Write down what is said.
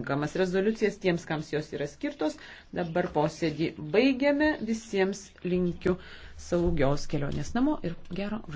tinkamas rezoliucijas tiems, kams jos yra skirtos. Dabar posėdį baigiame. Visiems linkiu saugios kelionės namo ir gero.